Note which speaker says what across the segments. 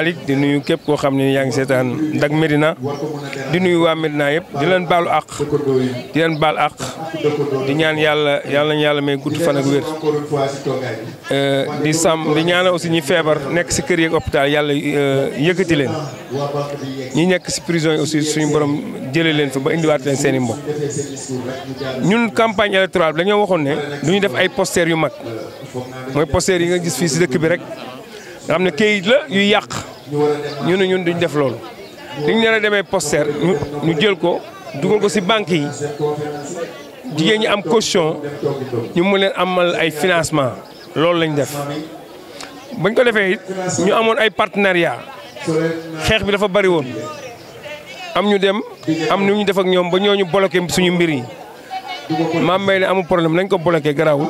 Speaker 1: Malick di nuyu képp koo xam ne yaa ngi seetaan Dak Médina di nuyu waa Médina yëpp di leen baalu àq di leen baal àq di ñaan yàlla yàlla nañu yàlla may gudd fan ak wér. Euh, di sàmm di ñaana aussi ñi feebar nekk si kër yeeg hôpital yàlla euh, yëkkati leen ñi nekk si prison yi aussi suñu borom jëlee leen fa ba indiwaat leen seen i mbokk ñun campagne électorale bi dañoo waxoon ne du ñu def ay posters yu mag mooy posters yi nga gis fii si dëkk bi rek. nga xam ne kayit la yuy yàq ñu ne ñun duñ def loolu li ñu leen a demee poster ñu ñu jël ko dugal ko ci banque yi jigéen am caution ñu mën leen amal ay financement loolu lañ def bañ ko defee it ñu amoon ay partenariat xeex bi dafa bari woon am ñu dem am nu ñu def ak ñoom ba ñooñu bloqué suñu mbir yi maam may ne amul problème nañ ko bloqué garawul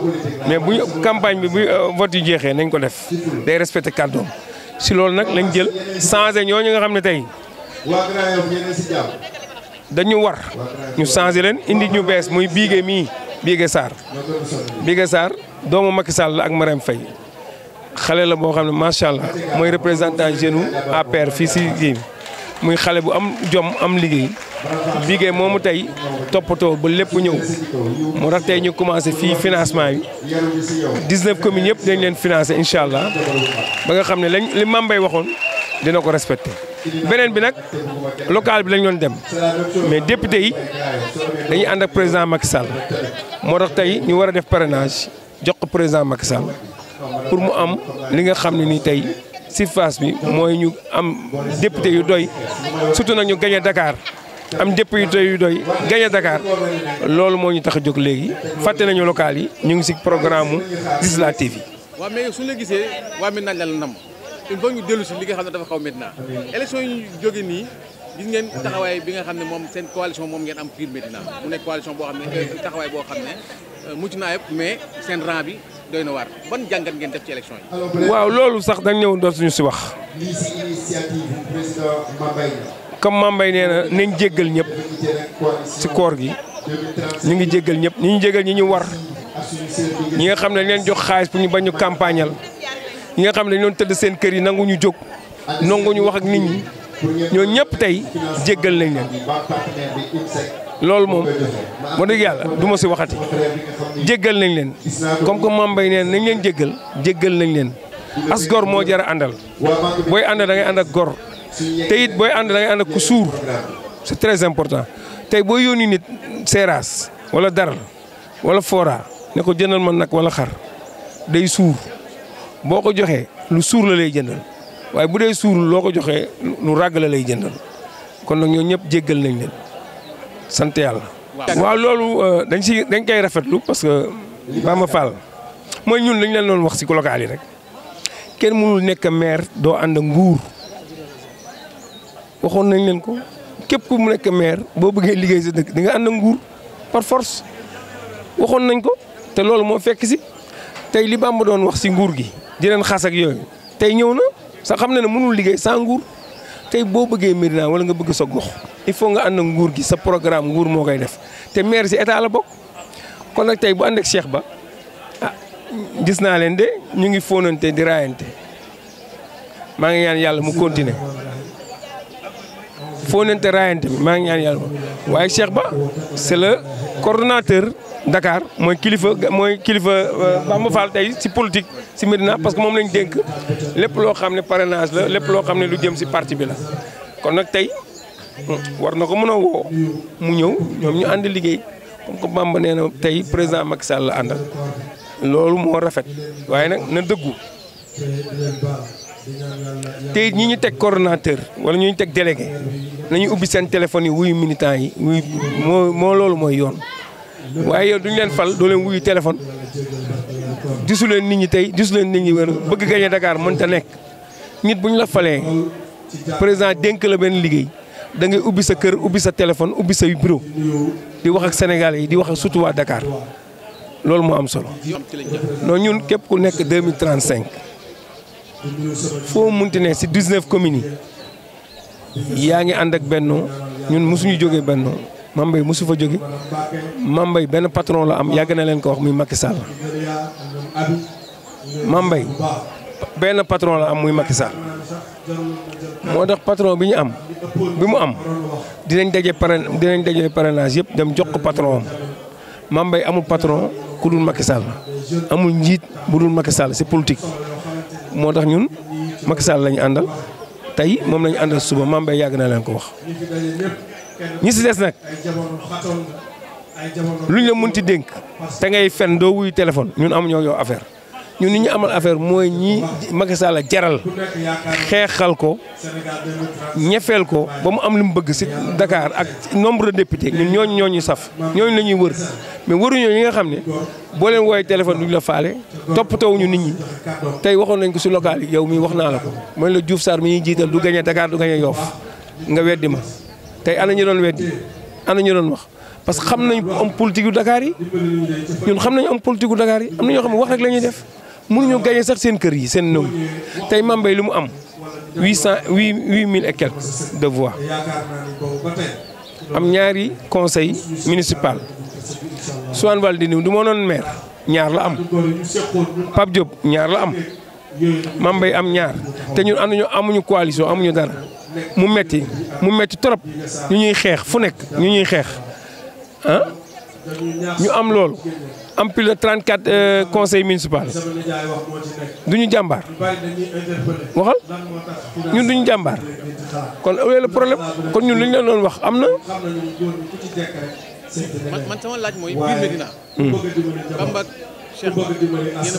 Speaker 1: mais bu campagne bi bu euh, vote yu jeexee nañ ko def day respecté kàddoom si loolu nag lañ jël changé ñooñu nga xam ne tey dañu war ñu changé leen indi ñu bees muy Biige mii Biige Sarr Biige Sarr doomu Macky Sall la ak Marème Faye xale la boo xam ne macha allah mooy représentant jeune APR fii si muy xale bu am jom am liggéey liggéey moomu tey toppatoo ba lépp ñëw moo tax tey ñu commencé fii financement yi 19 communes yëpp dañ leen financé incha allah ba nga xam ne lañ li Mambay waxoon dina ko respecté. beneen bi nag local bi lañ doon dem mais dépp yi dañuy ànd ak président Macky moo tax tey ñu war a def parrainage jox ko président Macky pour mu am li nga xam ne nii tey. si bi mooy ñu am député yu doy surtout nag ñu gagné Dakar am député yu doy gagné Dakar loolu moo ñu tax jóg léegi fàtte nañu local yi ñu ngi si programme législatif yi. waaw mais su la gisee waa Médina la nam il faut ñu dellu si li nga xam ne dafa xaw Médina élection yi ñu jóge nii gis ngeen taxawaay bi nga xam ne moom seen coalition moom ngeen am biir Médina mu nekk coalition boo xam ne taxawaay boo xam ne mucc naa yëpp mais seen rang bi. doy na waar jàngat ngeen def ci waaw loolu sax da nga ñëwoon dootuñu si wax. lii si initiative comme Mambay nee na nañ jéggal ñëpp si koor gi ñu ngi jéggal ñëpp ñu ñu jéggal ñi ñu war ñi nga xam ne dañ leen jox xaalis bu ñu bañ ñu campagnal ñi nga xam ne dañ tëdd seen kër yi nangu ñu jóg nangu ñu wax ak nit ñi. ñoo ñëpp tey jéggal nañ leen loolu moom moo dëgg yàlla du ma si waxati jéggal nañ leen comme que Mame Mbaye nee nañ leen jéggal jéggal nañ leen as gor moo jar a àndal booy àndal da ànd ak gor te booy ànd da ngay ànd ak ku suur c'est très important tey booy yónni nit seeraas wala daral wala foora ne ko jëndal ma nag wala xar day suur boo ko joxee lu suur la lay jëndal waaye bu dee suur loo ko joxee lu ràgg lay jëndal kon nak ñoo ñëpp jéggal nañ leen sant yalla wa lolu euh, dañ ci dañ kay rafetlu parce que. Bamba Fall moy ñun lañ leen doon wax si local yi rek kenn mënul nek maire doo ànd nguur waxon nañ leen ko képp ku mu nekk maire bo bëggee liggéey ci dëkk di nga ànd nguur par force waxon nañ ko té lolu mo fekk ci tay li Bamba doon wax ci nguur gi di leen xass ak yoy tay ñëw na. sax xam na ne mënul liggéey sans nguur tey boo bëggee Médina wala nga bëgg sa gox il faut nga ànd ak nguur gi sa programme nguur moo koy def te maire si état la bokk kon nag tey bu ànd ak Cheikh Ba ah gis naa leen de ñu ngi fóonante di raayante maa ngi ñaan yàlla mu continuer fóonante raayante bi maa ngi ñaan yàlla waaye Cheikh Ba c'est le coordonnateur Dakar mooy kilifa mooy kilifa euh, Bamba Fall tey si politique si Médina parce que moom lañu dénk lépp loo xam ne parrainage la lépp loo xam ne lu jëm si parti bi la. kon nag tey hmm, war na ko mën a woo mu ñëw ñoom ñu ànd liggéey comme que Bamba nee na tey président Macky Sall la àndal loolu moo rafet waaye nag na dëggu tey ñi ñu teg coordonnateur wala ñu teg délégué nañu ubbi seen téléphone yi wuyu militant yi wuyu moo moo loolu mooy yoon. waaye yow duñu leen fal doo leen wuyu téléphone disu leen nit ñi tey disu leen nit ñi wér bëgg gañe Dakar mënta nekk nit bu ñu la falee président dénk la benn liggéey da ngay ubbi sa kër ubbi sa téléphone ubbi sa bureau di wax ak Sénégalais yi di wax ak surtout waa Dakar loolu moo am solo. non ñun képp ku nekk 2035 foo munti ne si 19 communes yi yaa ngi ànd ak Benno ñun mosuñu jógee Benno Mame Mbaye mosu fa jóge Mame benn patron la am yàgg na leen ko wax muy Macky Sall Mame Mbaye benn patron la am muy Macky moo tax patron bi ñu am bi mu am dinañ daje parrain dinañ daje parrainage yëpp dem jox ko patron am Mame Mbaye amul patron ku dul Macky Sall amul njiit bu dul Macky Sall c'est moo tax ñun Macky lañu àndal. tey moom lañu àndal suba Mame Mbaye yàgg na leen ko wax ñi si des nag lu ñu la ti dénk te ngay fen doo wuyu téléphone ñun amuñoo yow affaire ñun ni ñu amal affaire mooy ñi Macky Sall jaral xeexal ko ñefeel ko ba mu am li mu bëgg si Dakar ak nombre de député ñun ñooñu ñooñu saf ñooñ la ñuy wër mais wëruñu ñi nga xam ne boo leen woowee téléphone duñu la faale ñu nit ñi tey waxoon nañ ko si local yi yow mi wax naa la ko mooy la Diouf saar mi ñuy jiital du gañe Dakar du gañe Yoff nga weddi ma tey ana ñu doon weddi ana ñu doon wax parce que xam nañ am politique yu Dakar yi ñun xam nañ am politique yu Dakar yi am na ñoo xam ne wax rek la def mënuñu gagné sax seen kër yi seen néew tey Mame Mbaye lu mu am huit cent huit huit mille et quelques de voix am ñaari conseil municipal Soham El Wardini du moo noon maire ñaar la am Pape Diop ñaar la am Mame yi am ñaar te ñun amuñu amuñu coalition amuñu dara mu metti mu metti trop ñu ñuy xeex fu nekk ñu ñuy xeex ñu am loolu am plus de 34 euh, conseils municipaux du ñu jàmbaar waxal ñun du ñu jàmbaar kon le problème kon ñun li ñu leen doon wax am na. man sama laaj mooy biir Medina. Hmm. Bamba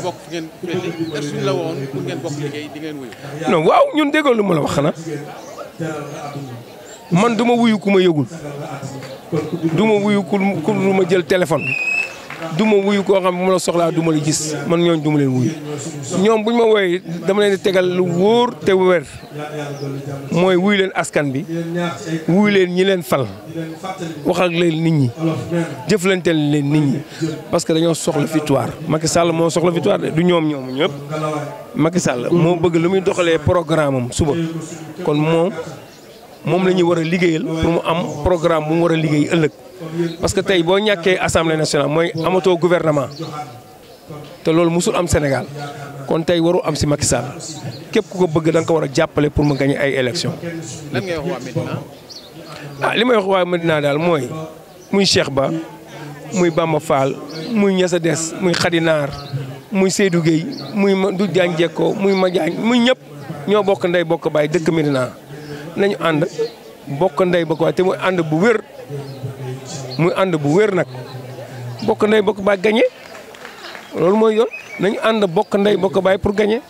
Speaker 1: bokk fi la woon pour ngeen bokk liggéey ngeen wuyu. non waaw ñun déggoo lu ma la wax xanaa. man duma ma wuyu ku ma yëgul du ma wuyu ku lu ma jël téléphone du wuyu koo xam bu ma la soxlaa du la gis man ñooñ duma leen wuyu ñoom buñ ma woy dama leen di tegal lu wóor te wér mooy wuyu leen askan bi wuyu leen ñi leen fal wax ak leen nit ñi jëflanteel leen nit ñi parce que dañoo soxla victoire Macky Sall moo soxla victoire de du ñoom ñoom ñëpp Macky Sall moo bëgg lu muy doxalee programme suba kon moom moom la ñuy war a liggéeyal pour mu am programme bu mu war a liggéey ëllëg parce que tey boo ñàkkee assemblée nationale mooy amatoo gouvernement te loolu musul am Sénégal kon tey waru am si Macky Sall képp ku ko bëgg da ko war a jàppale pour mu gagné ay élection lan ngay wax ah li may wax waa Medina daal mooy muy Cheikh Ba muy Bamba Fall muy Niassa des muy Khadinaar muy Seydou Guèye muy Doudou Diagne Diecko muy Madiagne muy ñëpp ñoo bokk ndey bokk baay dëkk Medina. nañu ànd bokk ndey bokk baay te muy ànd bu wér muy ànd bu wér nag bokk ndey bokk baay gagné loolu mooy yoon nañu ànd bokk ndey bokk baay pour gagné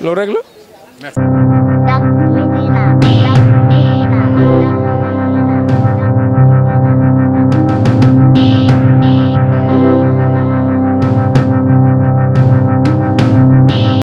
Speaker 1: loolu rek la.